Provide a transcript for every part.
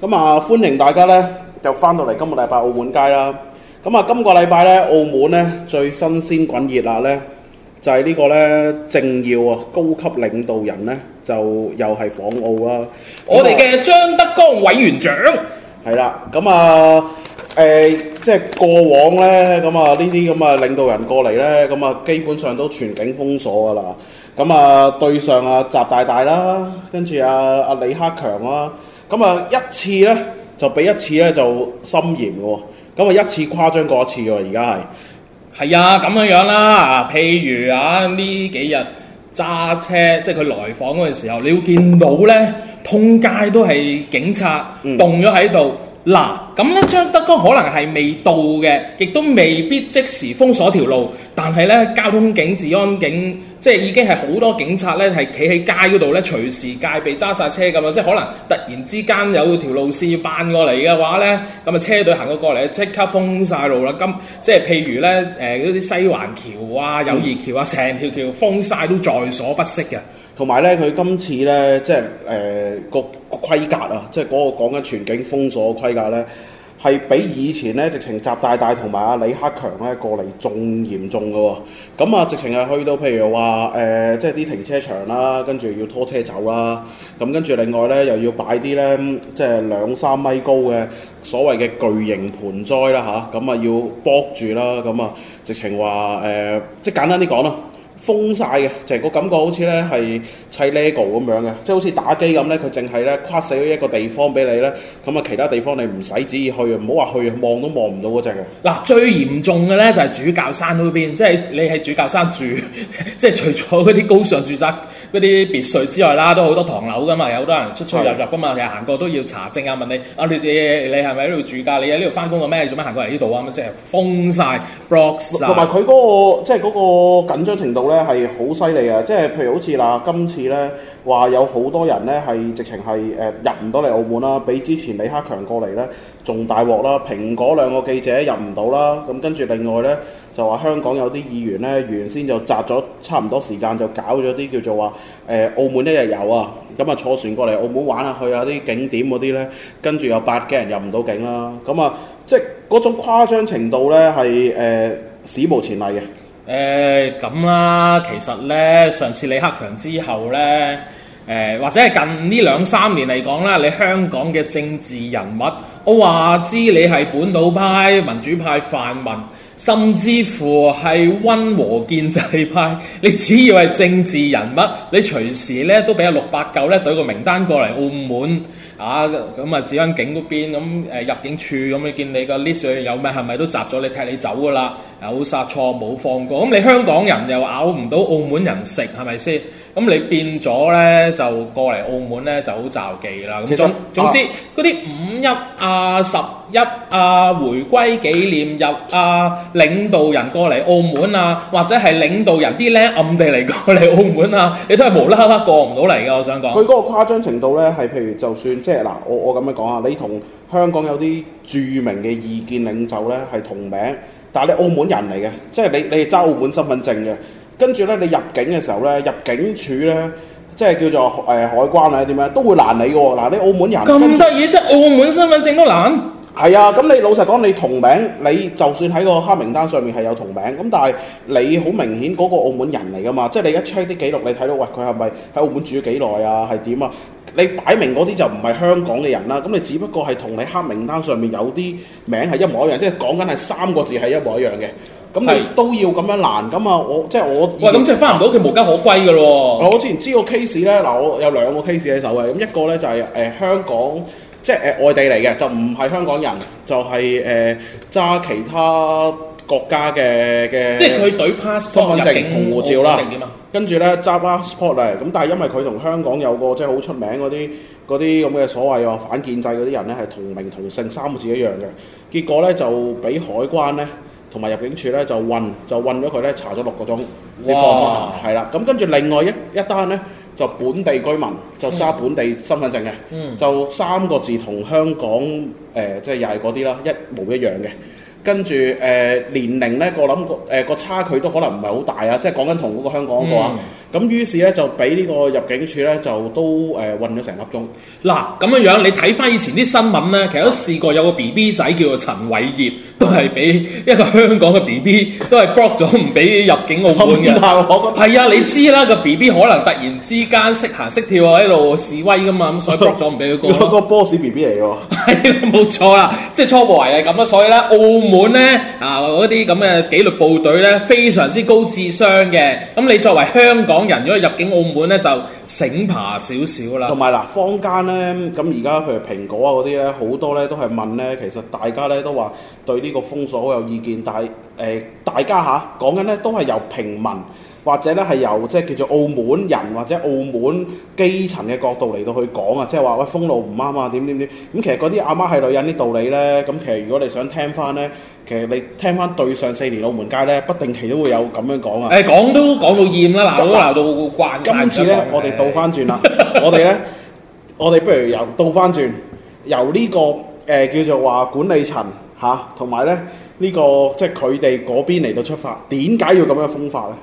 咁啊，歡迎大家咧，又翻到嚟今個禮拜澳門街啦。咁啊，今個禮拜咧，澳門咧最新鮮滾熱辣咧，就係、是、呢個咧政要啊，高級領導人咧，就又係訪澳啦。我哋嘅張德江委員長，係、啊、啦。咁啊，誒、呃，即係過往咧，咁啊呢啲咁啊領導人過嚟咧，咁啊基本上都全境封鎖噶啦。咁啊，對上啊習大大啦，跟住啊啊李克強啦、啊。咁啊一次咧就比一次咧就森嚴嘅喎，咁啊一次誇張過一次喎，而家係係啊咁樣樣啦啊，譬如啊呢幾日揸車即係佢來訪嗰陣時候，你要見到咧，通街都係警察動，棟咗喺度。嗱，咁咧、啊、張德江可能係未到嘅，亦都未必即時封鎖條路。但係咧，交通警、治安警，即係已經係好多警察咧，係企喺街嗰度咧，隨時戒備揸晒車咁啊！即係可能突然之間有條路線要扮過嚟嘅話咧，咁啊車隊行咗過嚟，即刻封晒路啦。咁即係譬如咧，誒嗰啲西環橋啊、友誼橋啊，成條橋封晒，都在所不惜嘅。同埋咧，佢今次咧，即係誒、呃那個規格啊，即係嗰個講緊全境封鎖嘅規格咧，係比以前咧直情習大大同埋阿李克強咧過嚟仲嚴重噶喎、啊。咁啊，直情係去到譬如話誒、呃，即係啲停車場啦、啊，跟住要拖車走啦、啊。咁跟住另外咧，又要擺啲咧，即係兩三米高嘅所謂嘅巨型盆栽啦、啊、吓，咁啊，啊，要駁住啦。咁啊，直情話誒，即係簡單啲講啦。封晒嘅，就成個感覺好似咧係砌 Lego 咁樣嘅，即係好似打機咁咧，佢淨係咧跨死咗一個地方俾你咧，咁啊，其他地方你唔使旨意去啊，唔好話去啊，望都望唔到嗰隻嘅。嗱，最嚴重嘅咧就係主教山嗰邊，即係你喺主教山住，即係除咗嗰啲高尚住宅嗰啲別墅之外啦，都好多唐樓噶嘛，有好多人出出入入噶嘛，成日的行過都要查證啊，問你啊你你你係咪喺度住㗎？你喺呢度翻工㗎咩？你做乜行過嚟呢度啊？咁即係封晒 block 曬，同埋佢嗰個即係嗰個緊張程度。咧係好犀利啊！即係譬如好似嗱，今次咧話有好多人咧係直情係誒入唔到嚟澳門啦，比之前李克強過嚟咧仲大鑊啦。蘋果兩個記者入唔到啦，咁跟住另外咧就話香港有啲議員咧原先就宅咗差唔多時間就搞咗啲叫做話誒、呃、澳門一日遊啊，咁、嗯、啊坐船過嚟澳門玩下去啊啲景點嗰啲咧，跟住有八幾人入唔到境啦，咁啊即係嗰種誇張程度咧係誒史無前例嘅。誒咁啦，其實呢，上次李克強之後呢，誒、呃、或者係近呢兩三年嚟講啦，你香港嘅政治人物，我話知你係本土派、民主派、泛民，甚至乎係温和建制派，你只要係政治人物，你隨時呢都俾阿六八九呢對個名單過嚟澳門。啊，咁、嗯、啊，治安警嗰邊咁，誒入境處咁、嗯，你見你個 list 有咩係咪都閘咗你，踢你走㗎啦，有殺錯冇放過，咁、嗯嗯、你香港人又咬唔到澳門人食，係咪先？咁、嗯、你變咗咧，就過嚟澳門咧就好罩忌啦。咁實總總之，嗰啲、啊、五一啊、十一啊、回歸紀念日啊、領導人過嚟澳門啊，或者係領導人啲僆暗地嚟過嚟澳門啊，你都係無啦啦過唔到嚟嘅。我想講，佢嗰個誇張程度咧，係譬如就算即係嗱，我我咁樣講啊，你同香港有啲著名嘅意見領袖咧係同名，但係你是澳門人嚟嘅，即、就、係、是、你你係揸澳門身份證嘅。就是跟住咧，你入境嘅時候咧，入境處咧，即係叫做誒、呃、海關咧，點樣都會攔你嘅喎。嗱，你澳門人咁得意，即係跟住，澳門身份證都攔。係啊，咁你老實講，你同名，你就算喺個黑名單上面係有同名，咁但係你好明顯嗰個澳門人嚟噶嘛？即係你一 check 啲記錄，你睇到，喂，佢係咪喺澳門住咗幾耐啊？係點啊？你擺明嗰啲就唔係香港嘅人啦。咁你只不過係同你黑名單上面有啲名係一模一樣，即係講緊係三個字係一模一樣嘅。咁你、嗯、都要咁樣攔，咁啊我即係我喂，咁即係翻唔到屋企，無，無，無家可歸嘅咯喎！我之前知個 case 咧，嗱我有兩個 case 喺手嘅，咁一個咧就係、是、誒、呃、香港，即係誒、呃、外地嚟嘅，就唔係香港人，就係誒揸其他國家嘅嘅，即係佢攞 passport 身份證同護照啦，跟住咧揸 passport 嚟，咁但係因為佢同香港有個即係好出名嗰啲嗰啲咁嘅所謂啊反建制嗰啲人咧，係同名同姓三個字一樣嘅，結果咧就俾海關咧。同埋入境處咧就混就混咗佢咧查咗六個鐘，哇！係啦，咁跟住另外一一單咧就本地居民就揸本地身份證嘅，嗯，就三個字同香港誒、呃、即係又係嗰啲啦，一模一樣嘅。跟住誒、呃、年齡咧我諗個誒個差距都可能唔係好大啊，即係講緊同嗰個香港嗰個咁，嗯、於是咧就俾呢個入境處咧就都誒、呃、混咗成粒鐘。嗱咁、嗯、樣樣你睇翻以前啲新聞咧，其實都試過有個 B B 仔叫做陳偉業。都係俾一個香港嘅 B B 都係 block 咗唔俾入境澳門嘅，係啊，你知啦個 B B 可能突然之間識行識跳啊，喺度示威噶嘛，咁所以 block 咗唔俾佢過。個個波士 B B 嚟嘅，係冇錯啦，即係初步嚟係咁啦，所以咧 澳門咧啊嗰啲咁嘅紀律部隊咧非常之高智商嘅，咁你作為香港人如果入境澳門咧就。醒爬少少啦，同埋嗱，坊間咧，咁而家譬如蘋果啊嗰啲咧，好多咧都係問咧，其實大家咧都話對呢個封鎖好有意見，但係誒、呃、大家嚇講緊咧都係由平民。或者咧係由即係叫做澳門人或者澳門基層嘅角度嚟到去講啊，即係話喂封路唔啱啊，點點點咁其實嗰啲阿媽係女人啲道理咧，咁其實如果你想聽翻咧，其實你聽翻對上四年澳門街咧，不定期都會有咁樣講啊。誒、欸、講都講到厭啦，嗱但都到慣曬。今次咧，我哋倒翻轉啦，我哋咧，我哋不如由倒翻轉由呢、這個誒、呃、叫做話管理層嚇，同埋咧呢、這個即係佢哋嗰邊嚟到出發，點解要咁樣封法咧？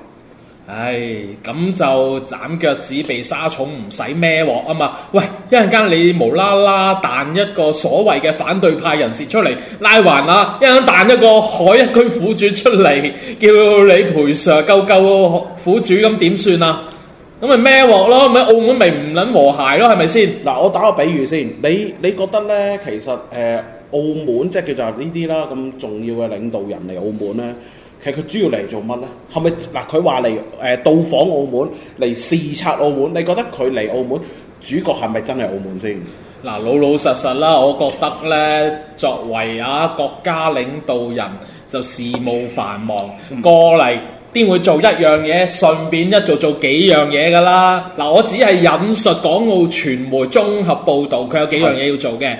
唉，咁就斬腳趾避沙蟲唔使孭鑊啊嘛！喂，一陣間你無啦啦彈一個所謂嘅反對派人士出嚟拉環啊！一陣彈一個海一區苦主出嚟，叫你賠償救救苦主咁點算啊？咁咪孭鑊咯，咪澳門咪唔撚和諧咯，係咪先？嗱，我打個比喻先，你你覺得咧，其實誒、呃、澳門即係叫做呢啲啦，咁重要嘅領導人嚟澳門咧。其實佢主要嚟做乜呢？係咪嗱？佢話嚟誒到訪澳門嚟視察澳門，你覺得佢嚟澳門主角係咪真係澳門先？嗱，老老實實啦，我覺得呢，作為啊國家領導人，就事務繁忙，過嚟邊會做一樣嘢，順便一做做幾樣嘢㗎啦。嗱、啊，我只係引述港澳傳媒綜合報導，佢有幾樣嘢要做嘅。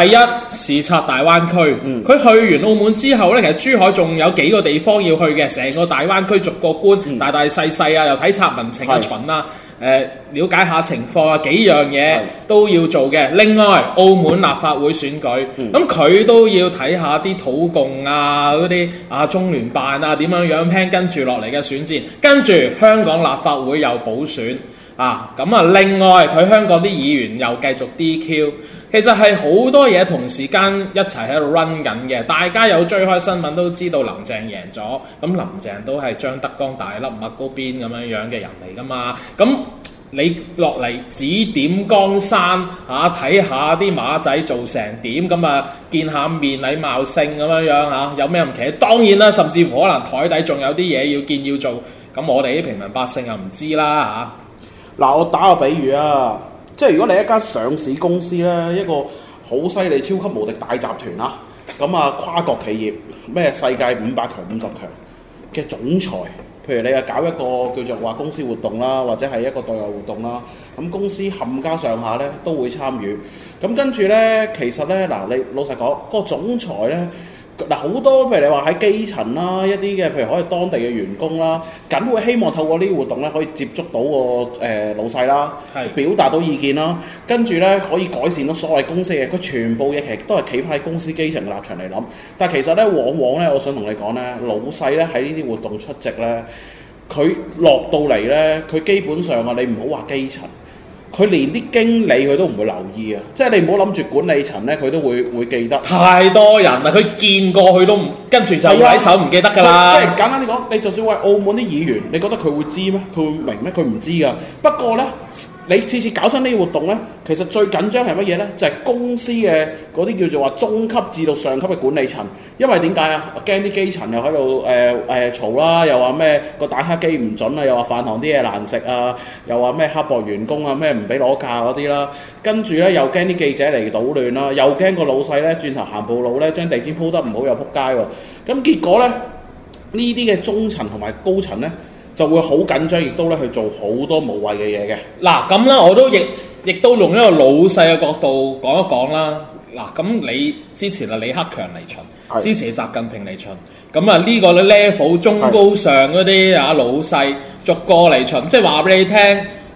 第一，視察大灣區，佢去完澳門之後呢，其實珠海仲有幾個地方要去嘅，成個大灣區逐個觀，嗯、大大細細啊，又睇察民情啊、巡啊是的，誒、呃、了解下情況啊，幾樣嘢都要做嘅。另外澳門立法會選舉，咁佢都要睇下啲土共啊嗰啲啊中聯辦啊點樣樣，聽跟住落嚟嘅選戰，跟住香港立法會又補選啊，咁啊另外佢香港啲議員又繼續 DQ。其實係好多嘢同時間一齊喺度 run 緊嘅，大家有追開新聞都知道林鄭贏咗，咁林鄭都係張德江大粒麥高邊咁樣樣嘅人嚟噶嘛？咁你落嚟指點江山嚇，睇下啲馬仔做成點，咁啊見下面禮貌性咁樣樣嚇、啊，有咩唔奇？當然啦，甚至乎可能台底仲有啲嘢要見要做，咁我哋啲平民百姓又唔知啦嚇。嗱、啊，我打個比喻啊。即係如果你一家上市公司咧，一個好犀利、超級無敵大集團啦，咁啊跨國企業咩世界五百強、五十強嘅總裁，譬如你啊搞一個叫做話公司活動啦，或者係一個對外活動啦，咁、啊、公司冚家上下咧都會參與。咁、啊、跟住咧，其實咧嗱、啊，你老實講，那個總裁咧。嗱，好多，譬如你話喺基層啦，一啲嘅譬如可以當地嘅員工啦，梗會希望透過呢啲活動咧，可以接觸到個誒老細啦，係是表達到意見啦，跟住咧可以改善到所謂公司嘅佢全部嘢，其實都係企翻喺公司基層嘅立場嚟諗。但係其實咧，往往咧，我想同你講咧，老細咧喺呢啲活動出席咧，佢落到嚟咧，佢基本上啊，你唔好話基層。佢連啲經理佢都唔會留意啊！即係你唔好諗住管理層咧，佢都會會記得太多人啦，佢見過佢都唔跟住就揮手唔記得㗎啦。即係吧、就是、簡單啲講，你就算話澳門啲議員，你覺得佢會知咩？佢會明咩？佢唔知㗎。不過咧。 你次次搞親呢啲活動呢，其實最緊張係乜嘢呢？就係、是、公司嘅嗰啲叫做話中級至到上級嘅管理層，因為點解啊？驚啲基層又喺度誒誒嘈啦，又話咩個打卡機唔準啦，又話飯堂啲嘢難食啊，又話咩刻薄員工啊，咩唔俾攞假嗰啲啦，跟住呢，又驚啲記者嚟搗亂啦，又驚個老細咧轉頭行步路呢，將地氈鋪得唔好又仆街喎。咁結果呢，呢啲嘅中層同埋高層呢。就會好緊張，亦都咧去做好多無謂嘅嘢嘅。嗱，咁啦，我都亦亦都用一個老細嘅角度講一講啦。嗱，咁你之前啊，李克強嚟巡，的之前習近平嚟巡，咁啊呢個 level 中高上嗰啲啊老細的逐個嚟巡，即係話俾你聽。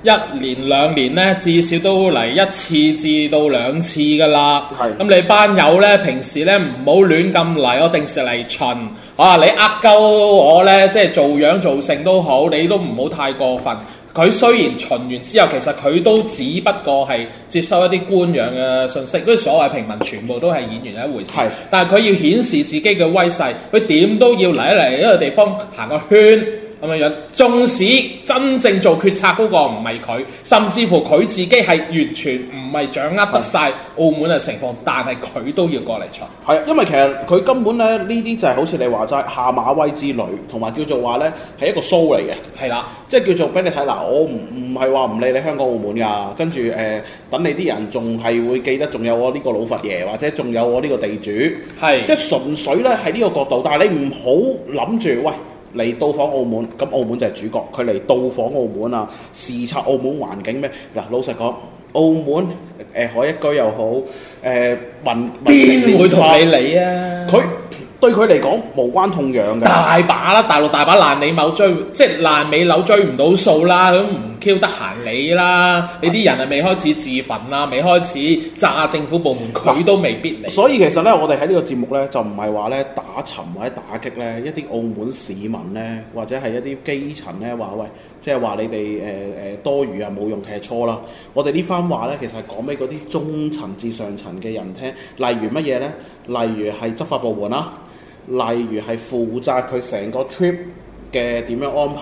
一年兩年呢，至少都嚟一次至到兩次噶啦。咁是你班友呢，平時呢，唔好亂咁嚟，我定時嚟巡。啊，你呃鳩我呢，即係做樣做性都好，你都唔好太過分。佢雖然巡完之後，其實佢都只不過係接收一啲官樣嘅信息。嗰啲、嗯、所謂平民全部都係演員一回事。是但係佢要顯示自己嘅威勢，佢點都要嚟一嚟一個地方行個圈。咁嘅樣，縱使真正做決策嗰個唔係佢，甚至乎佢自己係完全唔係掌握得晒澳門嘅情況，的但係佢都要過嚟坐。係啊，因為其實佢根本咧呢啲就係好似你話齋下馬威之旅，同埋叫做話咧係一個 show 嚟嘅。係啦的，即係叫做俾你睇嗱，我唔唔係話唔理你香港澳門㗎，跟住誒、呃、等你啲人仲係會記得，仲有我呢個老佛爺，或者仲有我呢個地主。係的，即係純粹咧喺呢個角度，但係你唔好諗住喂。嚟到訪澳門，咁澳門就係主角。佢嚟到訪澳門啊，視察澳門環境咩？嗱，老實講，澳門誒海一居又好，誒民邊會同你理啊？佢對佢嚟講無關痛癢嘅。大把啦，大陸大把爛尾樓追，即係爛尾樓追唔到數啦，都唔。Q 得閒你啦，你啲人係未開始自焚啦，未開始炸政府部門，佢都未必嚟。所以其實咧，我哋喺呢個節目咧，就唔係話咧打沉或者打擊咧一啲澳門市民咧，或者係一啲基層咧話喂，即係話你哋誒誒多餘啊冇用踢錯啦。我哋呢番話咧，其實係講俾嗰啲中層至上層嘅人聽，例如乜嘢咧？例如係執法部門啦，例如係負責佢成個 trip 嘅點樣安排。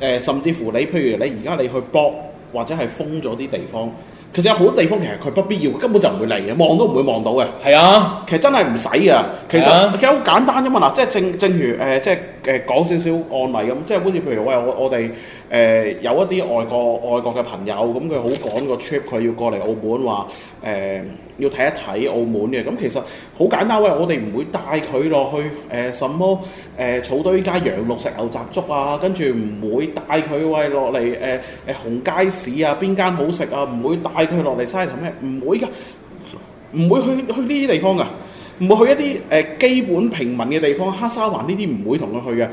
誒，甚至乎你，譬如你而家你去博，或者係封咗啲地方。其實有好多地方，其實佢不必要，根本就唔會嚟嘅，望都唔會望到嘅。係啊其，其實真係唔使啊。其實其實好簡單啫嘛嗱，即係正正如誒，即係誒講少少案例咁，即係好似譬如喂，我我哋誒有一啲外國外國嘅朋友咁，佢好趕個 trip，佢要過嚟澳門話誒要睇一睇澳門嘅。咁其實好簡單喂，我哋唔會帶佢落去誒什麼誒、呃、草堆街、羊肉、食牛雜粥啊，跟住唔會帶佢喂落嚟誒誒紅街市啊，邊間好食啊，唔會帶。你去落嚟嘥氹咩？唔會噶，唔會去去呢啲地方噶，唔會去一啲誒、呃、基本平民嘅地方，黑沙環呢啲唔會同佢去嘅。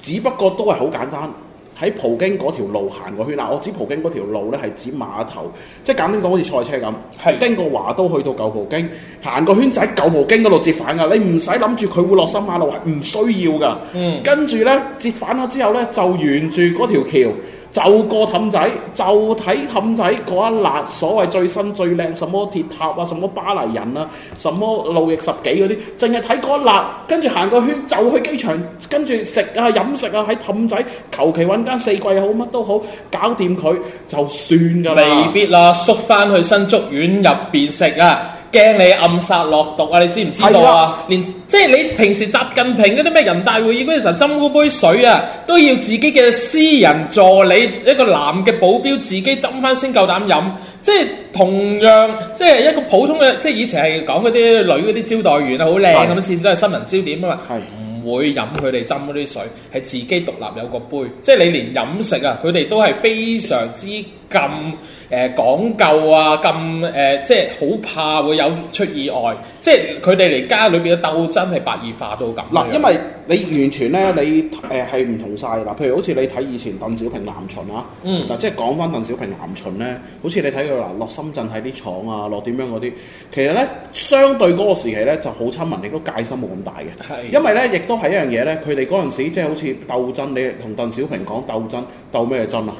只不過都係好簡單，喺葡京嗰條路行個圈嗱。我指葡京嗰條路咧，係指碼頭，即係簡單講，好似賽車咁，係的經過華都去到舊葡京，行個圈仔，喺舊葡京嗰度折返噶。你唔使諗住佢會落新馬路，係唔需要噶。嗯，跟住咧折返咗之後咧，就沿住嗰條橋。就過氹仔，就睇氹仔嗰一辣，所謂最新最靚，什麼鐵塔啊，什麼巴黎人啊，什麼路易十幾嗰啲，淨係睇嗰一辣，跟住行個圈就去機場，跟住、啊、食啊飲食啊喺氹仔，求其揾間四季好乜都好，搞掂佢就算㗎啦。未必啦，縮翻去新竹苑入邊食啊！驚你暗殺落毒啊！你知唔知道啊？的連即係你平時習近平嗰啲咩人大會議嗰陣時斟嗰杯水啊，都要自己嘅私人助理一個男嘅保鏢自己斟翻先夠膽飲。即係同樣即係一個普通嘅，即係以前係講嗰啲女嗰啲招待員啊，好靚咁，次次的都係新聞焦點啊嘛，唔的會飲佢哋斟嗰啲水，係自己獨立有個杯。即係你連飲食啊，佢哋都係非常之。咁誒、呃、講究啊，咁誒、呃、即係好怕會有出意外，即係佢哋而家裏邊嘅鬥爭係白熱化到咁。嗱，因為你完全咧，你誒係唔同晒嘅。嗱，譬如好似你睇以前鄧小平南巡啊，嗱、嗯，即係講返鄧小平南巡咧，好似你睇佢嗱落深圳喺啲廠啊，落點樣嗰啲，其實咧相對嗰個時期咧就好親民，亦都戒心冇咁大嘅。係的，因為咧亦都係一樣嘢咧，佢哋嗰陣時即係好似鬥爭，你同鄧小平講鬥爭，鬥咩爭啊？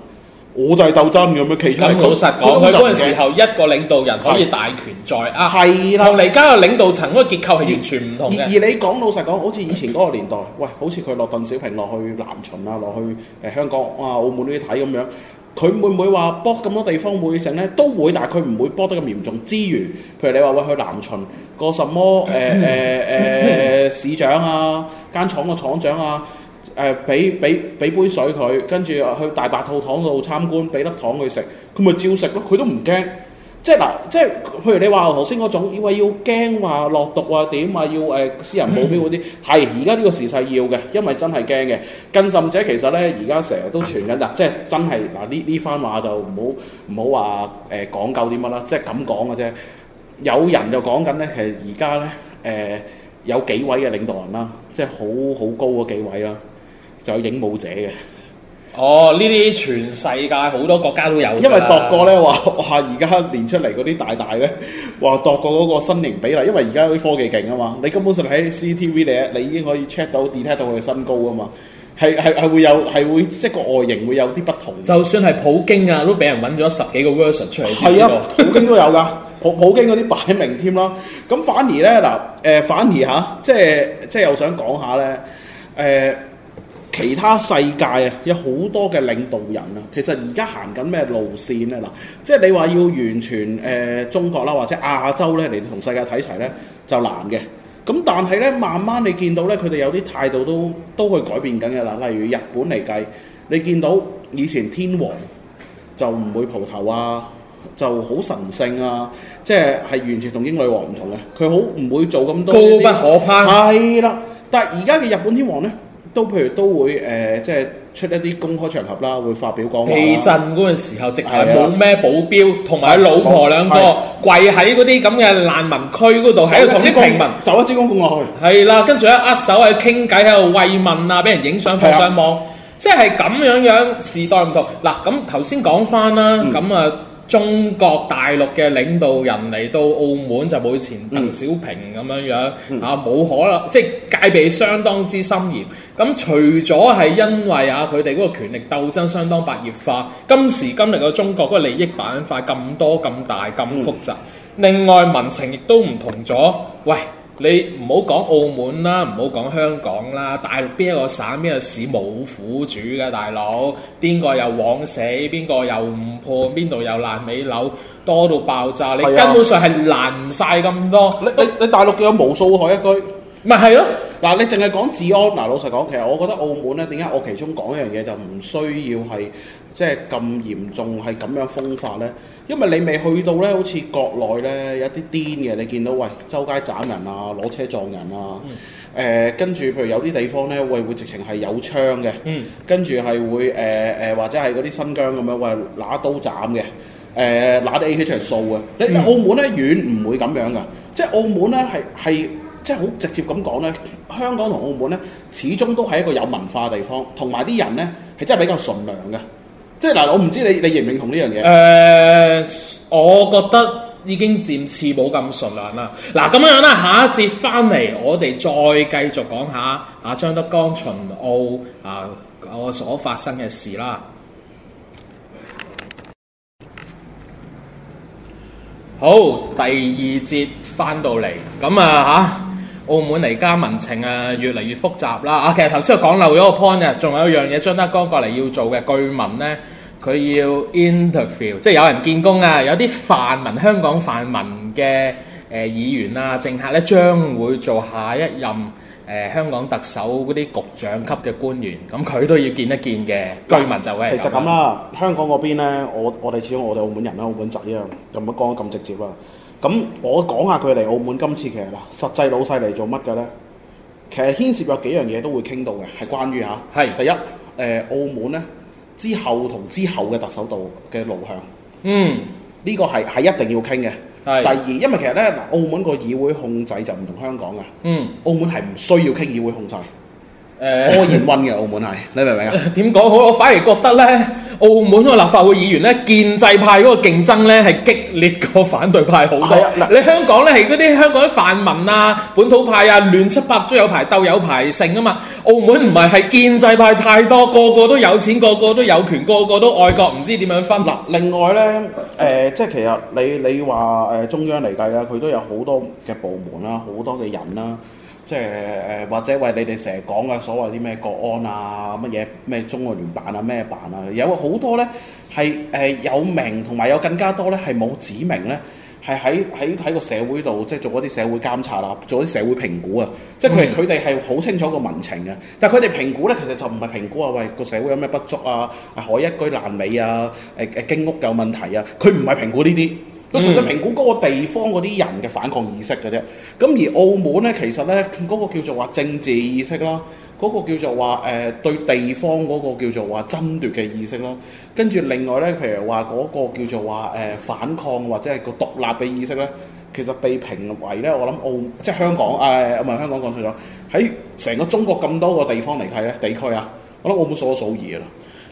我就係鬥爭嘅，咁樣其他咁老實講，佢嗰陣時候一個領導人可以大權在是的 啊，係啦，而家個領導層，嗰個結構係完全唔同嘅。而你講老實講，好似以前嗰個年代，喂，好似佢落鄧小平落去南巡啊，落去誒、uh, 香港啊、澳門呢啲睇咁樣，佢會唔會話剝咁多地方會成咧？都會，但係佢唔會剝得咁嚴重。之餘，譬如你話喂去南巡個什麼誒誒誒市長啊，間廠個廠長啊。誒俾俾俾杯水佢，跟住去大白兔糖度參觀，俾粒糖佢食，佢咪照食咯，佢都唔驚。即係嗱，即係譬如你話頭先嗰種，以為，要驚話落毒啊點啊，要、呃、誒私人保鏢嗰啲，係而家呢個時勢要嘅，因為真係驚嘅。更甚者，其實咧而家成日都傳緊嗱，嗯、即係真係嗱呢呢番話就唔好唔好話誒講究啲乜啦，即係咁講嘅啫。有人就講緊咧，其實而家咧誒有幾位嘅領導人啦，即係好好高嗰幾位啦。就有影武者嘅，哦，呢啲全世界好多國家都有，因為度過咧話哇，而家練出嚟嗰啲大大咧，哇度過嗰個身形比例，因為而家啲科技勁啊嘛，你根本上喺 CCTV 咧，你已經可以 check 到 detect 到佢嘅身高啊嘛，係係係會有係會即係個外形會有啲不同，就算係普京啊，都俾人搵咗十幾個 version 出嚟，係啊，普京都有噶， 普普京嗰啲擺明添啦，咁反而咧嗱，誒、呃、反而吓、啊，即係即係，我想講下咧，誒。其他世界啊，有好多嘅領導人啊，其實而家行緊咩路線咧嗱？即係你話要完全誒、呃、中國啦，或者亞洲咧嚟同世界睇齊咧，就難嘅。咁但係咧，慢慢你見到咧，佢哋有啲態度都都去改變緊嘅啦。例如日本嚟計，你見到以前天皇就唔會蒲頭啊，就好神聖啊，即係係完全同英女王唔同嘅，佢好唔會做咁多高不可攀。係啦，但係而家嘅日本天皇咧。都譬如都會誒、呃，即係出一啲公開場合啦，會發表講話。地震嗰陣時候，直係冇咩保鏢，同埋佢老婆兩個跪喺嗰啲咁嘅難民區嗰度，喺度同啲平民走一支公一公落去。係啦，跟住一握手喺度傾偈，喺度慰問啊，俾人影相放上網。的即係咁樣樣時代唔同嗱。咁頭先講翻啦，咁啊。嗯中國大陸嘅領導人嚟到澳門就冇以前鄧小平咁樣樣，嗯、啊冇可能，即係戒備相當之森嚴。咁、啊、除咗係因為啊佢哋嗰個權力鬥爭相當白熱化，今時今日嘅中國嗰個利益板塊咁多咁大咁複雜，嗯、另外民情亦都唔同咗。喂！你唔好講澳門啦，唔好講香港啦，大陸邊一個省邊個市冇苦主嘅大佬？邊個又枉死？邊個又唔破？邊度又爛尾樓多到爆炸？啊、你根本上係爛晒咁多。你都你，你大陸叫咗無數海一居。咪係咯，嗱 對 original、啊、你淨係講治安嗱，老實講其實我覺得澳門咧點解我其中講一樣嘢就唔需要係即係咁嚴重係咁樣風化咧，因為你未去到咧，好似國內咧有啲癲嘅，你見到喂周街斬人啊，攞車撞人啊，誒跟住譬如有啲地方咧，喂會直情係有槍嘅，嗯、跟住係會誒、呃、誒或者係嗰啲新疆咁樣喂拿、哎、刀斬嘅，誒拿啲 AK 出嚟掃啊，你澳門咧遠唔會咁樣噶，即係澳門咧係係。即係好直接咁講咧，香港同澳門咧，始終都係一個有文化嘅地方，同埋啲人咧係真係比較純良嘅。即係嗱、呃，我唔知你你認唔認同呢樣嘢？誒、呃，我覺得已經漸次冇咁純良啦。嗱，咁樣啦，下一節翻嚟，我哋再繼續講下嚇、啊、張德江巡澳啊我、啊啊、所發生嘅事啦。好，第二節翻到嚟，咁啊嚇。啊啊澳門嚟家民情啊，越嚟越複雜啦！啊，其實頭先我講漏咗個 point 啊，仲有一樣嘢，張德江過嚟要做嘅居民咧，佢要 interview，即係有人見工啊，有啲泛民、香港泛民嘅誒、呃、議員啊、政客咧，將會做下一任誒、呃、香港特首嗰啲局長級嘅官員，咁、嗯、佢都要見一見嘅。居民就會其實咁啦，香港嗰邊咧，我我哋始終我哋澳門人啦，澳門仔啊，有乜講得咁直接啊。咁我講下佢嚟澳門今次其實嗱，實際老細嚟做乜嘅咧？其實牽涉有幾樣嘢都會傾到嘅，係關於嚇。係是第一，誒、呃、澳門咧之後同之後嘅特首度嘅路向。嗯，呢、嗯呢個係係一定要傾嘅。係是第二，因為其實咧嗱，澳門個議會控制就唔同香港嘅。嗯，澳門係唔需要傾議會控制。誒多熱溫嘅澳門係，你明唔明啊？點講好？我反而覺得咧，澳門個立法會議員咧，建制派嗰個競爭咧係激烈過反對派好多。哎、呀你香港咧係嗰啲香港啲泛民啊、本土派啊，亂七八糟有排鬥有排勝啊嘛。澳門唔係，係建制派太多，個個都有錢，個個都有權，個個都，個個都愛國，唔知點樣分嗱。另外咧，誒、呃、即係其實你你話誒中央嚟計咧，佢都有好多嘅部門啦，好多嘅人啦、啊。即係誒，或者為你哋成日講嘅所謂啲咩國安啊，乜嘢咩中外聯辦啊，咩辦啊，有好多咧係誒有名，同埋有更加多咧係冇指明咧，係喺喺喺個社會度即係做一啲社會監察啦、啊，做啲社會評估啊。即係佢佢哋係好清楚個民情嘅、啊，但係佢哋評估咧，其實就唔係評估啊。喂，個社會有咩不足啊？海一居爛尾啊？誒誒，經屋有問題啊？佢唔係評估呢啲。佢純粹評估嗰個地方嗰啲人嘅反抗意識嘅啫，咁而澳門咧，其實咧嗰、那個叫做話政治意識咯，嗰、那個叫做話誒、呃、對地方嗰個叫做話爭奪嘅意識咯，跟住另外咧，譬如話嗰個叫做話誒、呃、反抗或者係個獨立嘅意識咧，其實被評為咧，我諗澳即係香港誒唔係香港講錯咗，喺成個中國咁多個地方嚟睇咧，地區啊，我諗澳門數一數二嘅啦，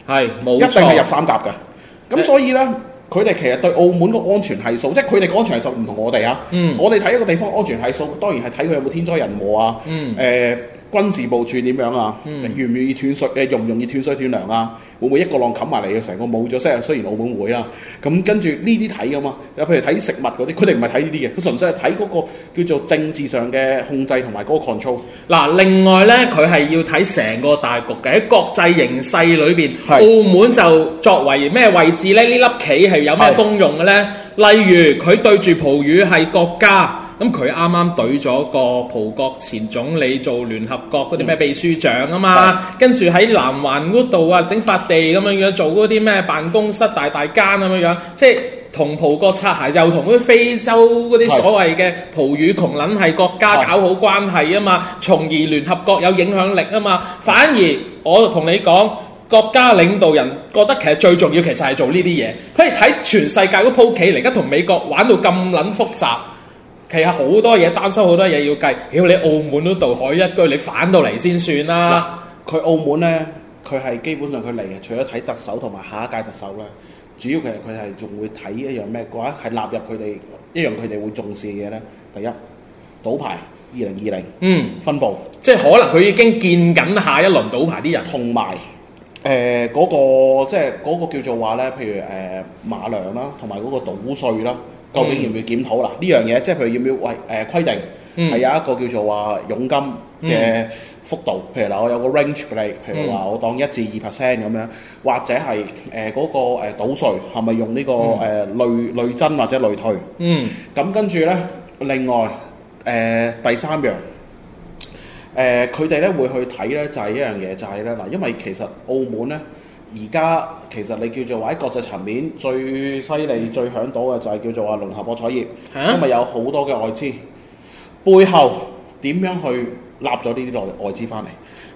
係冇一定係入三甲嘅，咁所以咧。佢哋其實對澳門個安全係數，即係佢哋個安全係數唔同我哋啊。嗯、我哋睇一個地方安全係數，當然係睇佢有冇天災人禍啊。誒、嗯呃，軍事部署點樣啊？願唔願意斷水？誒，容唔容易斷水斷糧啊？會唔會一個浪冚埋嚟嘅成個冇咗聲？雖然老本會啦，咁跟住呢啲睇噶嘛，有譬如睇食物嗰啲，佢哋唔係睇呢啲嘅，佢純粹係睇嗰個叫做政治上嘅控制同埋嗰個 control。嗱，另外呢，佢係要睇成個大局嘅喺國際形勢裏邊，是澳門就作為咩位置呢？呢粒棋係有咩功用嘅呢？是例如佢對住葡語係國家。咁佢啱啱對咗個葡國前總理做聯合國嗰啲咩秘書長啊嘛，嗯、跟住喺南環嗰度啊整發地咁樣樣，嗯、做嗰啲咩辦公室大大間咁樣樣，即係同葡國擦鞋，又同啲非洲嗰啲所謂嘅葡語窮撚係國家搞好關係啊嘛，從、嗯、而聯合國有影響力啊嘛，反而我同你講，國家領導人覺得其實最重要，其實係做呢啲嘢，佢係睇全世界都鋪企嚟，而家同美國玩到咁撚複雜。其實好多嘢擔心，好多嘢要計。屌你澳門都渡海一居，你反到嚟先算啦，啊。佢澳門呢，佢係基本上佢嚟嘅，除咗睇特首同埋下一屆特首呢。主要其實佢係仲會睇一樣咩？話係納入佢哋一樣佢哋會重視嘅嘢咧。第一，賭牌二零二零，嗯，分佈部、呃那個，即係可能佢已經見緊下一輪賭牌啲人，同埋誒嗰個即係嗰個叫做話呢，譬如誒、呃、馬良啦，同埋嗰個賭稅啦。究竟要唔要檢討啦？呢樣嘢，即係譬如要唔要喂誒規定，係有一個叫做話佣金嘅幅度。譬如嗱，我有個 range 俾你，譬如話我當一至二 percent 咁樣，或者係誒嗰個誒賭稅係咪用呢個誒累累增或者累退？嗯，咁跟住咧，另外誒第三樣誒佢哋咧會去睇咧就係一樣嘢，就係咧嗱，因為其實澳門咧。而家其實你叫做話喺國際層面最犀利、嗯、最響到嘅就係叫做啊聯合博彩業，因為、啊、有好多嘅外資，背後點樣去立咗呢啲內外資翻嚟？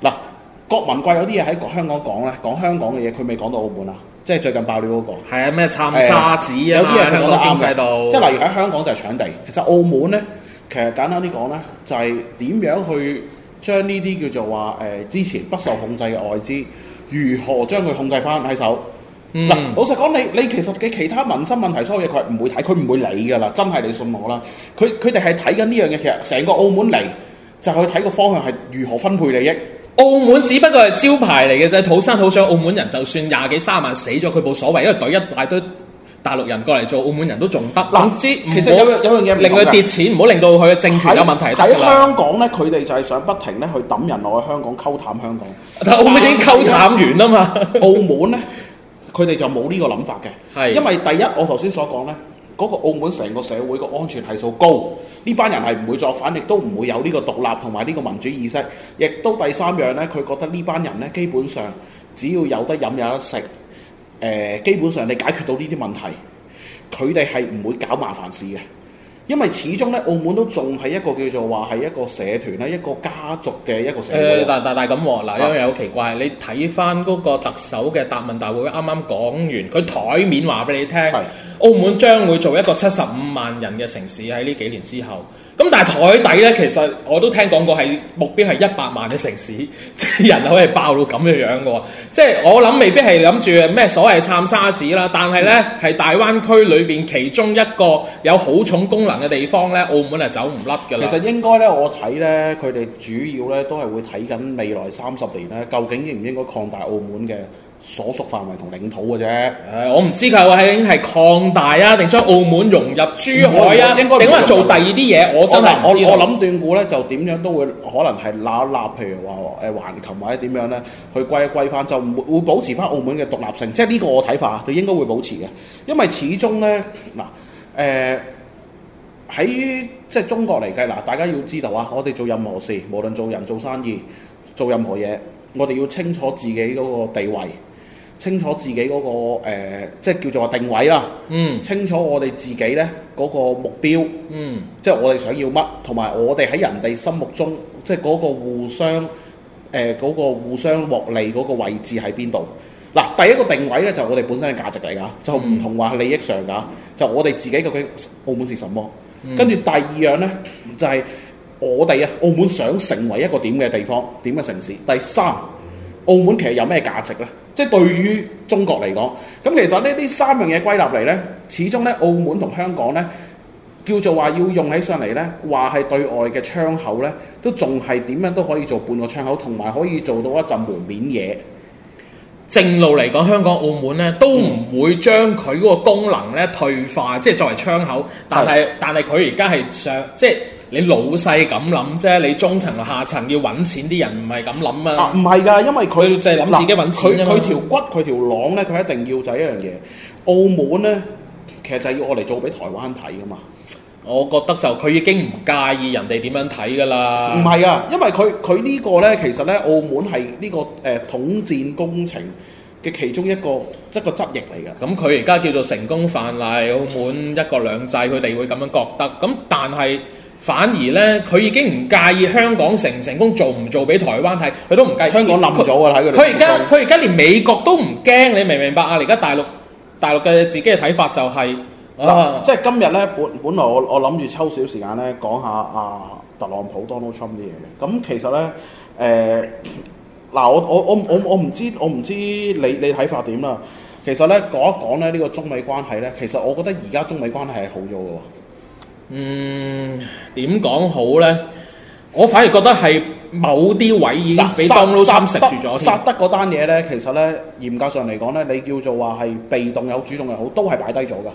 嗱、啊，郭文貴有啲嘢喺香港講咧，講香港嘅嘢，佢未講到澳門啊，即係最近爆料嗰、那個。係啊，咩參沙子啊？呃、有啲喺香港經濟到。即係例如喺香港就係搶地。其實澳門咧，其實簡單啲講咧，就係點樣去將呢啲叫做話誒、呃、之前不受控制嘅外資。如何將佢控制翻喺手？嗱、嗯，老實講，你你其實嘅其他民生問題，所有嘢，佢唔會睇，佢唔會理噶啦。真係你信我啦。佢佢哋係睇緊呢樣嘢，其實成個澳門嚟就係睇個方向係如何分配利益。澳門只不過係招牌嚟嘅啫，土生土長澳門人，就算廿幾三萬死咗，佢冇所謂，因為隊一大堆。大陸人過嚟做，澳門人都仲得。總之，其實有樣有樣嘢，令佢跌錢，唔好令到佢嘅政權有問題得噶啦。喺香港呢，佢哋就係想不停咧去抌人落去香港溝淡香港。探香港澳門已經溝淡完啊嘛，澳門呢，佢哋 就冇呢個諗法嘅。係的因為第一，我頭先所講呢，嗰、那個澳門成個社會嘅安全系數高，呢班人係唔會作反，亦都唔會有呢個獨立同埋呢個民主意識。亦都第三樣呢，佢覺得呢班人呢，基本上只要有得飲有得食。誒基本上你解決到呢啲問題，佢哋係唔會搞麻煩事嘅，因為始終咧澳門都仲係一個叫做話係一個社團咧，一個家族嘅一個社會。呃、但但咁喎，嗱、嗯，因為好奇怪，啊、你睇翻嗰個特首嘅答問大會，啱啱講完，佢台面話俾你聽，是澳門將會做一個七十五萬人嘅城市喺呢幾年之後。咁但係枱底咧，其實我都聽講過係目標係一百萬嘅城市，即係人可以爆到咁嘅樣嘅喎。即係我諗未必係諗住咩所謂摻沙子啦，但係咧係大灣區裏邊其中一個有好重功能嘅地方咧，澳門係走唔甩㗎啦。其實應該咧，我睇咧，佢哋主要咧都係會睇緊未來三十年咧，究竟應唔應該擴大澳門嘅所屬範圍同領土嘅啫，誒，我唔知佢係已經係擴大啊，定將澳門融入珠海啊，定可能做第二啲嘢，我真係我我諗斷估呢，就點樣都會可能係拿立，譬如話誒、呃、橫琴或者點樣呢，去規一規翻，就會保持翻澳門嘅獨立性，即係呢個我睇法，就應該會保持嘅，因為始終呢，嗱誒喺於即係中國嚟計，嗱大家要知道啊，我哋做任何事，無論做人、做生意、做任何嘢，我哋要清楚自己嗰個地位。清楚自己嗰個即係叫做定位啦。嗯，清楚我哋自己呢嗰個目標。嗯，即係我哋想要乜，同埋我哋喺人哋心目中，即係嗰個互相誒、呃嗰個、互相獲利嗰個位置喺邊度？嗱，第一個定位呢，就係我哋本身嘅價值嚟㗎，嗯、就唔同話利益上㗎，就是、我哋自己究竟澳門係什麼？嗯、跟住第二樣呢，就係我哋啊，澳門想成為一個點嘅地方，點嘅城市？第三，澳門其實有咩價值呢？即係對於中國嚟講，咁其實呢，呢三樣嘢歸納嚟呢，始終呢，澳門同香港呢，叫做話要用起上嚟呢，話係對外嘅窗口呢，都仲係點樣都可以做半個窗口，同埋可以做到一陣門面嘢。正路嚟講，香港澳門呢，都唔會將佢嗰個功能呢退化，嗯、即係作為窗口。但係是但係佢而家係想即係。你老細咁諗啫，你中層下層要揾錢啲人唔係咁諗啊！唔係㗎，因為佢就係諗自己揾錢。佢佢、啊、條骨佢條廊呢，佢一定要就係一樣嘢。澳門呢，其實就係要我嚟做俾台灣睇㗎嘛。我覺得就佢已經唔介意人哋點樣睇㗎啦。唔係啊，因為佢佢呢個呢，其實呢，澳門係呢、呢個誒、呃、統戰工程嘅其中一個一個側翼嚟㗎。咁佢而家叫做成功範例，澳門一國兩制，佢哋會咁樣覺得。咁但係。反而咧，佢已經唔介意香港成唔成功做做，做唔做俾台灣睇，佢都唔介意。香港冧咗㗎啦，喺佢他。佢而家佢而家連美國都唔驚，你明唔明白、就是、啊？而家大陸大陸嘅自己嘅睇法就係，即係今日咧本本來我我諗住抽少時間咧講下啊特朗普 Donald Trump 啲嘢嘅。咁其實咧誒嗱，我我我我我唔知我唔知你你睇法點啦。其實咧講、呃、一講咧呢、這個中美關係咧，其實我覺得而家中美關係係好咗嘅。嗯，點講好咧？我反而覺得係某啲位已經俾 Donald Trump 食住咗。殺了得嗰單嘢咧，其實咧嚴格上嚟講咧，你叫做話係被動有主動又好，都係擺低咗噶。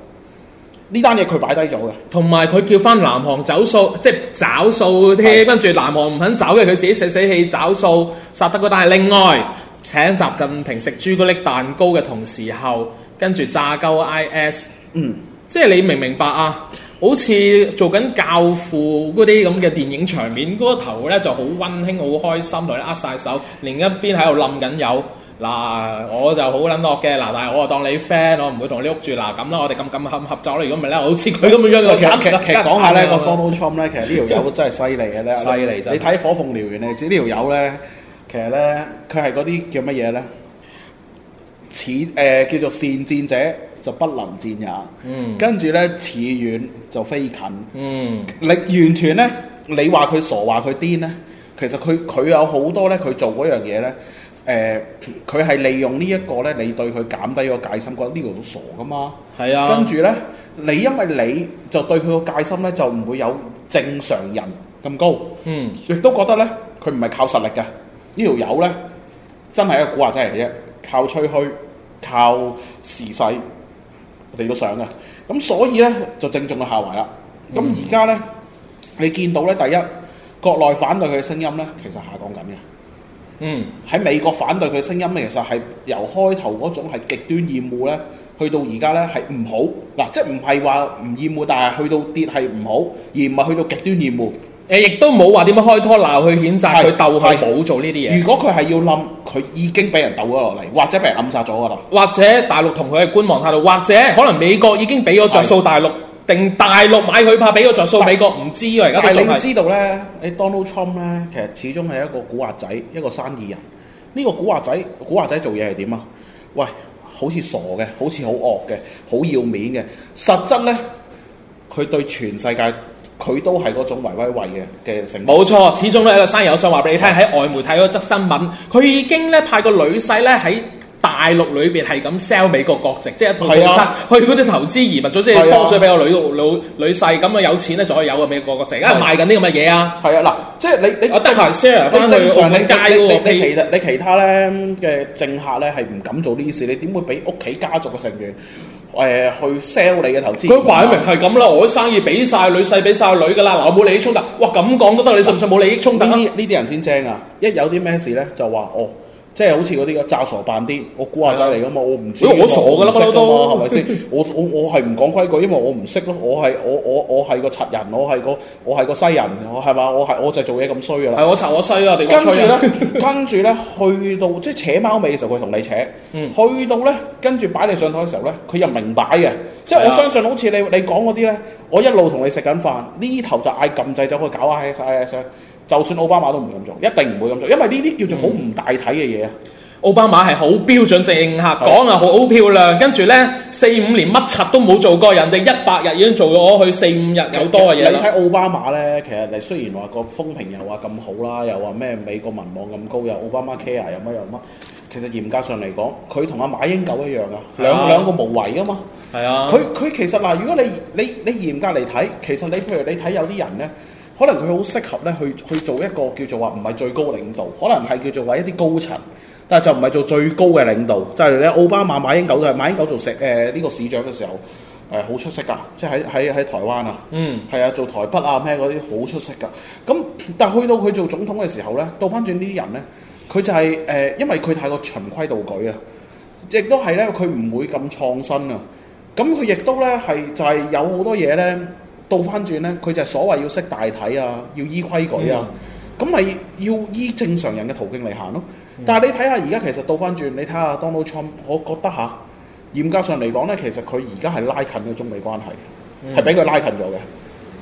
呢單嘢佢擺低咗嘅，同埋佢叫翻南航走數，即係找數添。跟住南航唔肯走嘅，佢自己死死氣找數，殺得嗰單。另外，請習近平食朱古力蛋糕嘅同時候，跟住炸鳩 I S，嗯， 即係你明唔明白啊？好似做緊教父嗰啲咁嘅電影場面，嗰、嗰個頭咧就好温馨、好開心同你握晒手，另一邊喺度冧緊友。嗱，我就好撚惡嘅，嗱，但係我當你 friend，我唔會同你屋住。嗱，咁啦，我哋咁咁合合作啦。如果唔係咧，好似佢咁樣嘅，其實其實講下，講下、嗯、呢個 Donald Trump 咧，其實呢條友真係犀利嘅咧。犀利真係你睇火鳳燎原咧，呢條友咧，其實咧佢係嗰啲叫乜嘢咧？善誒叫做善戰者。就不能戰也。嗯，跟住咧，似遠就飛近。嗯，你完全咧，你話佢傻，話佢癲咧，其實佢佢有好多咧，佢做嗰樣嘢咧，誒、呃，佢係利用呢一個咧，你對佢減低個戒心，覺得呢條友傻噶嘛。係啊，跟住咧，你因為你就對佢個戒心咧，就唔會有正常人咁高。嗯，亦都覺得咧，佢唔係靠實力嘅，這個、呢條友咧，真係一個古惑仔嚟嘅啫，靠吹噓，靠時勢。我哋都想㗎，咁所以咧就正中個下懷啦。咁而家咧，你見到咧，第一國內反對佢嘅聲音咧，其實下降緊嘅。嗯，喺美國反對佢嘅聲音咧，其實係由開頭嗰種係極端厭惡咧，去到而家咧係唔好，嗱、呃、即係唔係話唔厭惡，但係去到跌係唔好，而唔係去到極端厭惡。亦都冇話點樣開拖鬧去譴責佢鬥氣，冇做呢啲嘢。如果佢係要冧，佢已經俾人鬥咗落嚟，或者俾人暗殺咗噶啦。或者大陸同佢嘅觀望態度，或者可能美國已經俾咗著數大陸，定是大陸買佢怕俾咗著數是美國唔知啊！而家仲係你知道呢？你 Donald Trump 呢？其實始終係一個古惑仔，一個生意人。呢個古惑仔，古惑仔做嘢係點啊？喂，好似傻嘅，好似好惡嘅，好要面嘅。實質呢，佢對全世界。佢都係嗰種維維維嘅嘅成員。冇錯，始終咧一個山友想話俾你聽，喺外媒睇到則新聞，佢已經咧派個女婿咧喺大陸裏邊係咁 sell 美國國籍，即係一套套餐去嗰啲投資移民，最中意科水俾個女老女婿咁啊，有錢咧就可以有個美國國籍，因為賣緊呢咁嘅嘢啊。係啊，嗱，即係你你我得閒 share 翻兩句。你其實你其他咧嘅政客咧係唔敢做呢啲事，你點會俾屋企家族嘅成員？誒去 sell 你嘅投資，佢擺明係咁啦，我啲生意畀晒女婿，畀晒女噶啦，嗱我冇利益衝突，哇咁講都得，你信唔信冇利益衝突啊？呢啲人先正啊，一有啲咩事咧就話哦。即係好似嗰啲嘅詐傻扮啲，我估下仔嚟噶嘛，我唔知。誒，我傻噶啦嘛都，係咪先？我我我係唔講規矩，因為我唔識咯。我係我我我係個賊人，我係個我係個西人，我係嘛？我係我就係做嘢咁衰噶啦。係我賊我西啊！跟住咧，跟住咧，去到即係扯貓尾嘅時候，佢同你扯。去到咧，跟住擺你上台嘅時候咧，佢又明擺嘅，即係我相信好似你你講嗰啲咧，我一路同你食緊飯，呢頭就嗌撳掣走去搞下嘢曬嘅。就算奧巴馬都唔咁做，一定唔會咁做，因為呢啲叫做好唔大體嘅嘢啊。奧巴馬係好標準正客，講啊好漂亮，跟住的呢，四五年乜柒都冇做過，人哋一百日已經做咗去四五日有多嘅嘢。你睇奧巴馬呢，其實你雖然話個風評又話咁好啦，又話咩美國民望咁高，又奧巴馬 care 又乜又乜，其實嚴格上嚟講，佢同阿馬英九一樣啊，兩的兩個無為啊嘛。係啊的，佢佢其實嗱，如果你你你，你，你嚴格嚟睇，其實你譬如你睇有啲人呢。可能佢好適合咧去去做一個叫做話唔係最高領導，可能係叫做話一啲高層，但係就唔係做最高嘅領導。就係咧，奧巴馬馬英九就係馬英九做食。誒、呃、呢、呢個市長嘅時候，誒、呃、好出色噶，即係喺喺喺台灣啊，嗯，係啊，做台北啊咩嗰啲好出色噶。咁但係去到佢做總統嘅時候咧，倒翻轉呢啲人咧，佢就係、是、誒、呃，因為佢太過循規蹈矩啊，亦都係咧，佢唔會咁創新啊。咁佢亦都咧係就係有好多嘢咧。倒翻轉咧，佢就係所謂要識大體啊，要依規矩啊，咁咪、mm hmm. 要依正常人嘅途徑嚟行咯。但係你睇下而家、mm hmm. 其實倒翻轉，你睇下 Donald Trump，我覺得吓，嚴格上嚟講咧，其實佢而家係拉近咗中美關係，係俾佢拉近咗嘅。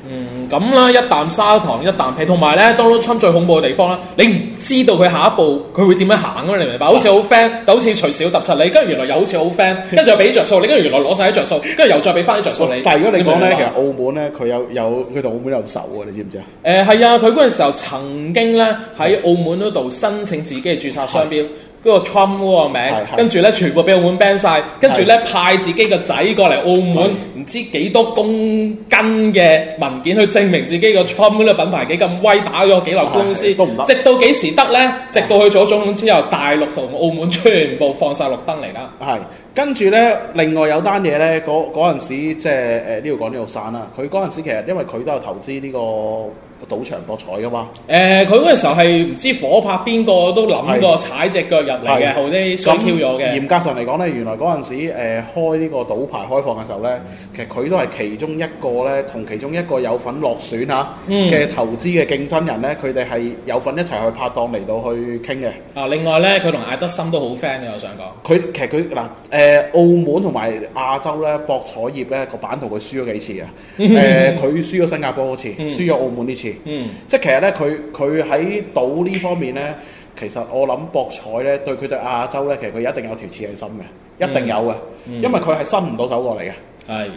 嗯，咁啦，一啖砂糖，一啖皮，同埋咧 Donald Trump 最恐怖嘅地方咧，你唔知道佢下一步佢會點樣行啊！你明唔明白？好似 好 friend，但好似隨時要揼實你，跟住原來又好似好 friend，跟住又俾着數你，跟住原來攞晒啲着數，跟住又再俾翻啲着數你。但係如果你講咧，其實澳門咧，佢有有佢同澳門有仇嘅、啊，你知唔知、嗯、啊？誒係啊，佢嗰陣時候曾經咧喺澳門嗰度申請自己嘅註冊商標。 是的嗰個 Trump 嗰個名，跟住咧全部俾澳門 ban 曬，跟住咧派自己個仔過嚟澳門，唔是是 知幾多公斤嘅文件去證明自己 Tr 個 Trump 嗰啲品牌幾咁威，打咗幾耐官司都唔得，直到幾時得咧？直到去咗總統之後，大陸同澳門全部放晒綠燈嚟啦。係，跟住咧，另外有單嘢咧，嗰嗰陣時即係誒呢度講呢度散啦。佢嗰陣時其實因為佢都有投資呢、這個。賭場博彩嘅嘛、欸？誒，佢嗰陣時候係唔知火拍邊個都諗過踩隻腳入嚟嘅，的後啲想跳咗嘅。嚴格上嚟講咧，原來嗰陣時誒、呃、開呢個賭牌開放嘅時候咧，其實佢都係其中一個咧，同其中一個有份落選嚇嘅投資嘅競爭人咧，佢哋係有份一齊去拍檔嚟到去傾嘅。啊，另外咧，佢同艾德森都好 friend 嘅，我想講。佢其實佢嗱誒，澳門同埋亞洲咧博彩業咧個版圖，佢輸咗幾次啊！誒、呃，佢 輸咗新加坡嗰次，輸咗澳門呢次。嗯，即係其實咧，佢佢喺賭呢方面咧，其實我諗博彩咧對佢對亞洲咧，其實佢一定有條刺喺心嘅，一定有嘅，嗯嗯、因為佢係伸唔到手過嚟嘅。係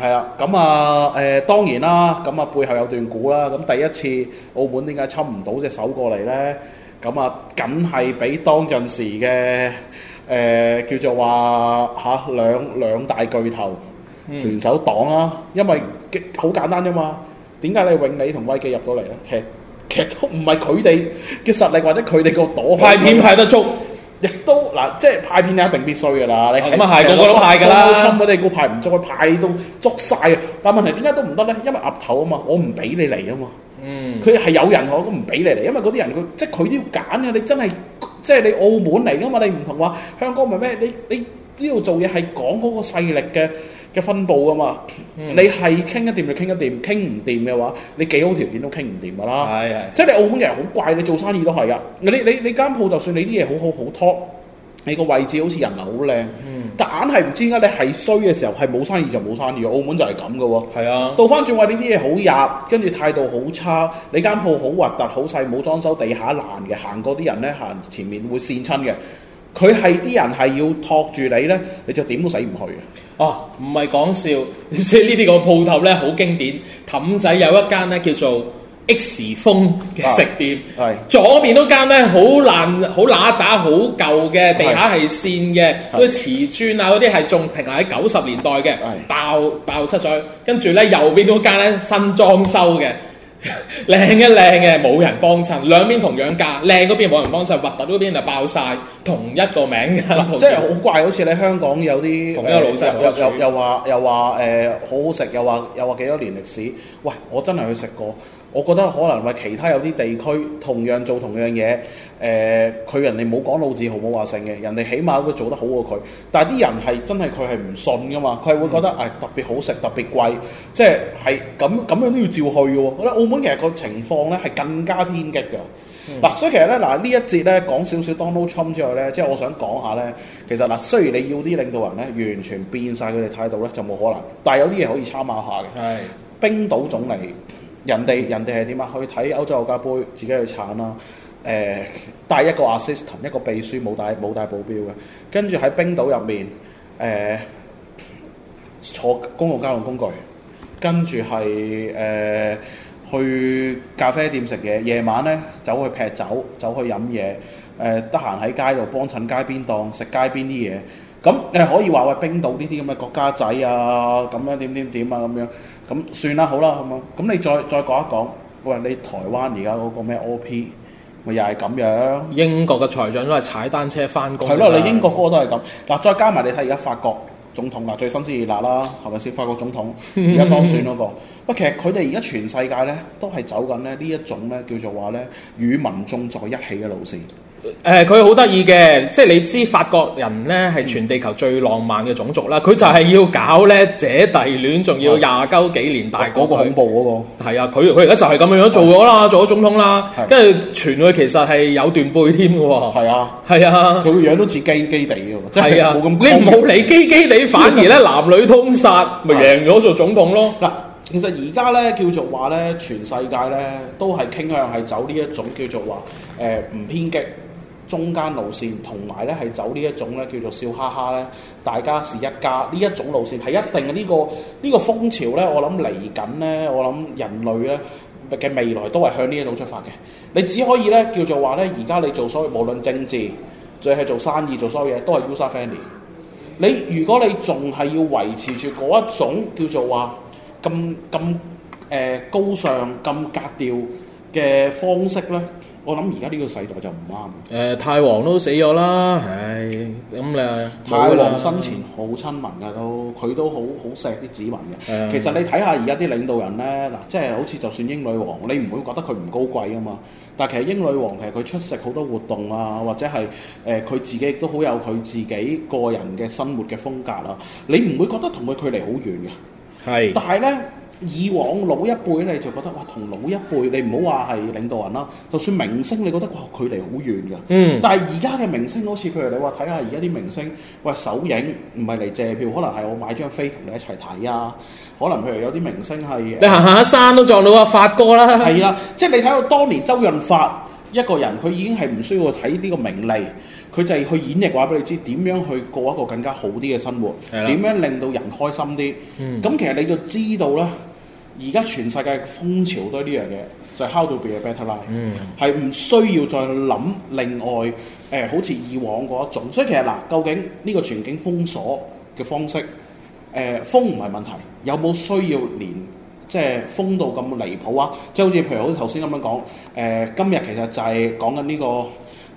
係是啊，咁啊誒，當然啦，咁啊背後有段故啦。咁第一次澳門點解抽唔到隻手過嚟咧？咁啊，梗係俾當陣時嘅誒、呃、叫做話吓，兩兩大巨頭聯手擋啦、啊，嗯、因為好簡單啫嘛。點解你永利同威記入到嚟咧？其實其實都唔係佢哋嘅實力，或者佢哋個朵派片派得足，亦都嗱、啊，即係派片一定必須嘅啦。個個都派㗎啦，差唔多佢哋個派唔足，派到捉曬。但問題點解都唔得咧？因為壓頭啊嘛，我唔俾你嚟啊嘛。嗯，佢係有人可唔俾你嚟，因為嗰啲人佢即係佢都要揀嘅。你真係即係你澳門嚟啊嘛？你唔同話香港咪咩？你你呢度做嘢係講嗰個勢力嘅。嘅分布噶嘛，嗯、你係傾一掂就傾一掂，傾唔掂嘅話，你幾好條件都傾唔掂噶啦。係係的，即係你澳門人好怪，你做生意都係噶。你你你間鋪就算你啲嘢好好好 top，你個位置好似人流好靚，嗯、但硬係唔知點解你係衰嘅時候係冇生意就冇生意，澳門就係咁噶喎。係啊，倒翻轉話呢啲嘢好入，跟住態度好差，你間鋪好核突、好細、冇裝修、地下爛嘅，行過啲人咧行前面會跣親嘅，佢係啲人係要托住你呢，你就點都洗唔去啊！哦，唔係講笑，即係呢啲個鋪頭呢好經典。氹仔有一間呢叫做 X 風嘅食店，啊、左邊嗰間咧好爛、好乸渣、好舊嘅，地下係線嘅，嗰啲瓷磚啊嗰啲係仲停留喺九十年代嘅，是爆爆七歲。跟住呢，右邊嗰間咧新裝修嘅。靚一靚嘅，冇人幫襯，兩邊同樣價，靚嗰邊冇人幫襯，核突嗰邊就爆晒。同一個名嘅，即係好怪。好似你香港有啲，同一個老細又又又話又話誒好好食，又話又話幾多年歷史，喂，我真係去食過。我覺得可能係其他有啲地區同樣做同樣嘢，誒、呃、佢人哋冇講老字號冇話聲嘅，人哋起碼會做得好過佢。但係啲人係真係佢係唔信噶嘛，佢係會覺得誒、嗯哎、特別好食特別貴，即係係咁咁樣都要照去嘅。我覺得澳門其實個情況咧係更加偏激嘅。嗱、嗯，所以其實咧嗱，呢一節咧講少少 Donald Trump 之後咧，即係我想講下咧，其實嗱，雖然你要啲領導人咧完全變晒佢哋態度咧就冇可能，但係有啲嘢可以參考下嘅。係的冰島總理。的人哋人哋係點啊？去睇歐洲國家杯，自己去撐啦。誒、呃，帶一個 assistant，一個秘書，冇帶冇帶保鏢嘅。跟住喺冰島入面，誒、呃、坐公共交通工具，跟住係誒去咖啡店食嘢。夜晚咧，走去劈酒，走去飲嘢。誒、呃，得閒喺街度幫襯街邊檔，食街邊啲嘢。咁你、呃、可以話喂，冰島呢啲咁嘅國家仔啊，咁樣點點點啊，咁樣。咁算啦，好啦，咁，咁你再再講一講，喂，你台灣而家嗰個咩 O P，咪又係咁樣？英國嘅財長都係踩單車返工。係咯，你英國嗰個都係咁。嗱，再加埋你睇而家法國總統嗱，最新鮮熱辣啦，係咪先？法國總統而家當選嗰、嗰個， 不過其實佢哋而家全世界咧，都係走緊咧呢一種咧叫做話咧，與民眾在一起嘅路線。誒佢好得意嘅，即係你知法國人咧係全地球最浪漫嘅種族啦，佢就係要搞咧姐弟戀，仲要廿鳩幾年大。嗰個恐怖嗰個，係啊，佢佢而家就係咁樣樣做咗啦，做咗總統啦，跟住傳佢其實係有斷背添嘅喎。係啊，係啊，佢個樣都似基基地嘅喎。係啊，你唔好理基基地，反而咧男女通殺，咪贏咗做總統咯。嗱，其實而家咧叫做話咧，全世界咧都係傾向係走呢一種叫做話誒唔偏激。中間路線，同埋咧係走呢一種咧叫做笑哈哈咧，大家是一家呢一種路線，係一定嘅呢、這個呢、這個風潮咧。我諗嚟緊咧，我諗人類咧嘅未來都係向呢一度出發嘅。你只可以咧叫做話咧，而家你做所謂無論政治，仲係做生意，做所有嘢都係 user friendly。你如果你仲係要維持住嗰一種叫做話咁咁誒高尚、咁格調嘅方式咧？我諗而家呢個世代就唔啱。誒、呃，泰王都死咗啦，唉、哎，咁咧。泰王生前好親民噶，都佢都好好錫啲子民嘅。嗯、其實你睇下而家啲領導人咧，嗱，即係好似就算英女王，你唔會覺得佢唔高貴啊嘛。但係其實英女王，其實佢出席好多活動啊，或者係誒佢自己亦都好有佢自己個人嘅生活嘅風格啊。你唔會覺得同佢距離好遠嘅。係是。但係咧。以往老一輩咧就覺得哇，同老一輩你唔好話係領導人啦，就算明、嗯、明星，你覺得哇距離好遠嘅。嗯。但係而家嘅明星好似譬如你話睇下而家啲明星，喂首映唔係嚟借票，可能係我買張飛同你一齊睇啊。可能譬如有啲明星係你行行一山都撞到阿發哥啦。係啦、嗯啊，即係你睇到當年周潤發一個人，佢已經係唔需要睇呢個名利。佢就係去演繹嘅話俾你知點樣去過一個更加好啲嘅生活，點是的 樣令到人開心啲。咁、嗯、其實你就知道咧，而家全世界風潮都係呢樣嘢，就係、是、how to be a better life，係唔、嗯、需要再諗另外誒、呃、好似以往嗰一種。所以其實嗱、呃，究竟呢個全境封鎖嘅方式誒封唔係問題，有冇需要連即係封到咁離譜啊？即係好似譬如好似頭先咁樣講誒、呃，今日其實就係講緊呢、這個。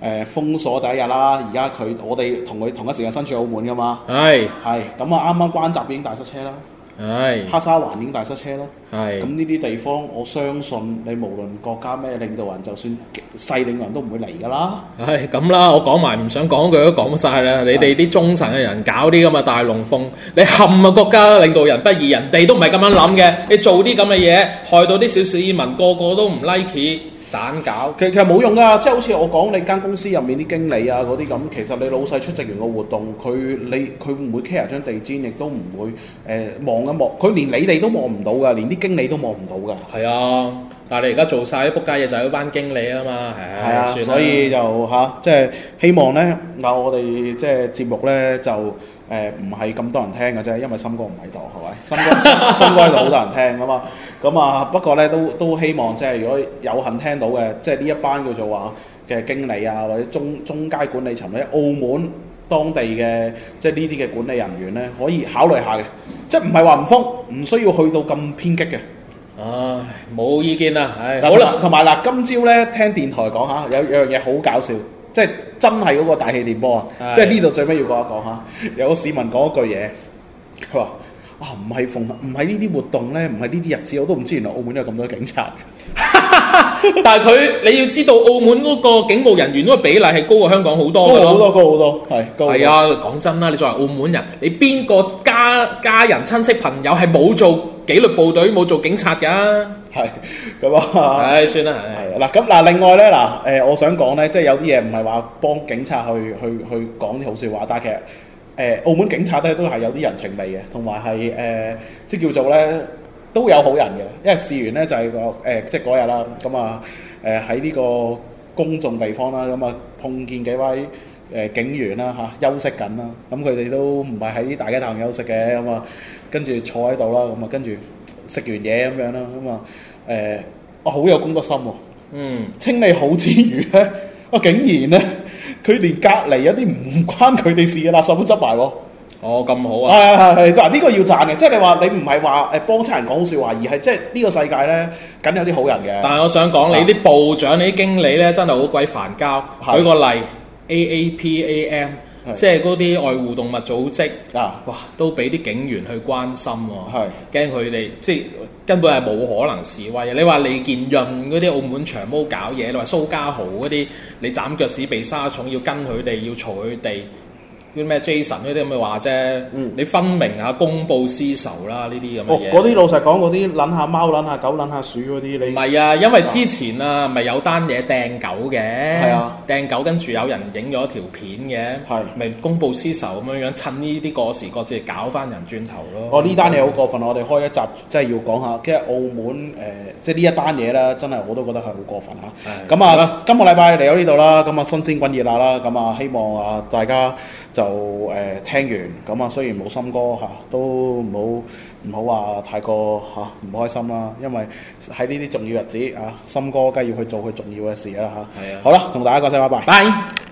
誒、呃、封鎖第一日啦，而家佢我哋同佢同一時間身處澳門噶嘛？係係咁啊！啱啱關閘已經大塞車啦，係黑是沙環已經大塞車咯，係咁呢啲地方，我相信你無論國家咩領導人，就算細領導人都唔會嚟噶啦。係咁啦，我講埋唔想講句都講晒啦。你哋啲中層嘅人搞啲咁嘅大龍鳳，你冚啊國家領導人不如人哋都唔係咁樣諗嘅。你做啲咁嘅嘢，害到啲小市民個個都唔 like。掙搞，其實其實冇用噶，即係好似我講你間公司入面啲經理啊嗰啲咁，其實你老細出席完個活動，佢你佢唔會 care 張地氈，亦都唔會誒望一望，佢連你哋都望唔到噶，連啲經理都望唔到噶。係啊，但係你而家做曬啲仆街嘢就係啲班經理啊嘛，係啊，所以就嚇即係希望咧，嗱我哋即係節目咧就誒唔係咁多人聽嘅啫，因為深哥唔喺度，係咪？深哥深哥就好多人聽啊嘛。咁啊、嗯，不過咧都都希望即係如果有幸聽到嘅，即係呢一班叫做話嘅經理啊，或者中中階管理層，或者澳門當地嘅即係呢啲嘅管理人員咧，可以考慮下嘅，即係唔係話唔封，唔需要去到咁偏激嘅、啊。唉，冇意見啦，唉。好啦，同埋嗱，今朝咧聽電台講下，有有樣嘢好搞笑，即係真係嗰個大氣電波啊，的即係呢度最尾要講一講嚇，有個市民講一句嘢，佢話。啊，唔係逢唔係呢啲活動咧，唔係呢啲日子，我都唔知原來澳門有咁多警察。但係佢你要知道，澳門嗰個警務人員嗰個比例係高過香港好多嘅咯。高好多，高好多，係係啊，講真啦，你作為澳門人，你邊個家家人親戚朋友係冇做紀律部隊冇做警察㗎？係咁啊，唉算啦，係嗱咁嗱。另外咧嗱，誒，我想講咧，即係有啲嘢唔係話幫警察去去去講啲好笑話，但係其實。誒、呃、澳門警察咧都係有啲人情味嘅，同埋係誒即係叫做咧都有好人嘅。因為試完咧就係、是那個誒、呃、即係嗰日啦，咁啊誒喺呢個公眾地方啦，咁、呃、啊碰見幾位誒、呃、警員啦嚇、呃、休息緊啦，咁佢哋都唔係喺大家堂休息嘅咁、呃呃呃呃、啊，跟住坐喺度啦，咁啊跟住食完嘢咁樣啦，咁啊誒我好有公德心喎，嗯，清理好之餘咧、啊，我、呃、竟然咧～佢哋隔離有啲唔關佢哋事嘅垃圾都執埋喎。哦，咁好啊。係係係，嗱呢個要讚嘅，即係你話你唔係話誒幫親人講好説話，而係即係呢個世界咧，梗有啲好人嘅。但係我想講、嗯、你啲部長、你啲經理咧，真係好鬼煩交。舉個例，係，A A P A M。即係嗰啲愛護動物組織啊，哇，都俾啲警員去關心喎、啊，驚佢哋即係根本係冇可能示威。你話李健潤嗰啲澳門長毛搞嘢，你話蘇家豪嗰啲，你斬腳趾避沙蟲，要跟佢哋，要嘈佢哋，啲咩 Jason 呢啲咁嘅話啫，你分明啊公報私仇啦，呢啲咁嘅，嗰啲老實講，嗰啲撚下貓撚下狗撚下鼠嗰啲你。唔係啊，因為之前啊，咪有單嘢掟狗嘅，係啊，掟狗跟住有人影咗條片嘅，係咪公報私仇咁樣樣？趁呢啲過時過節搞翻人轉頭咯。哦，呢單嘢好過分，我哋開一集即係要講下，其實澳門誒，即係呢一單嘢啦，真係我都覺得係好過分嚇。咁啊，今個禮拜嚟到呢度啦，咁啊新鮮滾熱辣啦，咁啊希望啊大家，就誒、呃、聽完咁啊，雖然冇心哥吓、啊，都唔好唔好話太過吓，唔、啊、開心啦、啊，因為喺呢啲重要日子啊，心哥梗係要去做佢重要嘅事啦吓，係啊，啊是啊好啦，同大家講聲拜拜。拜。Bye. Bye.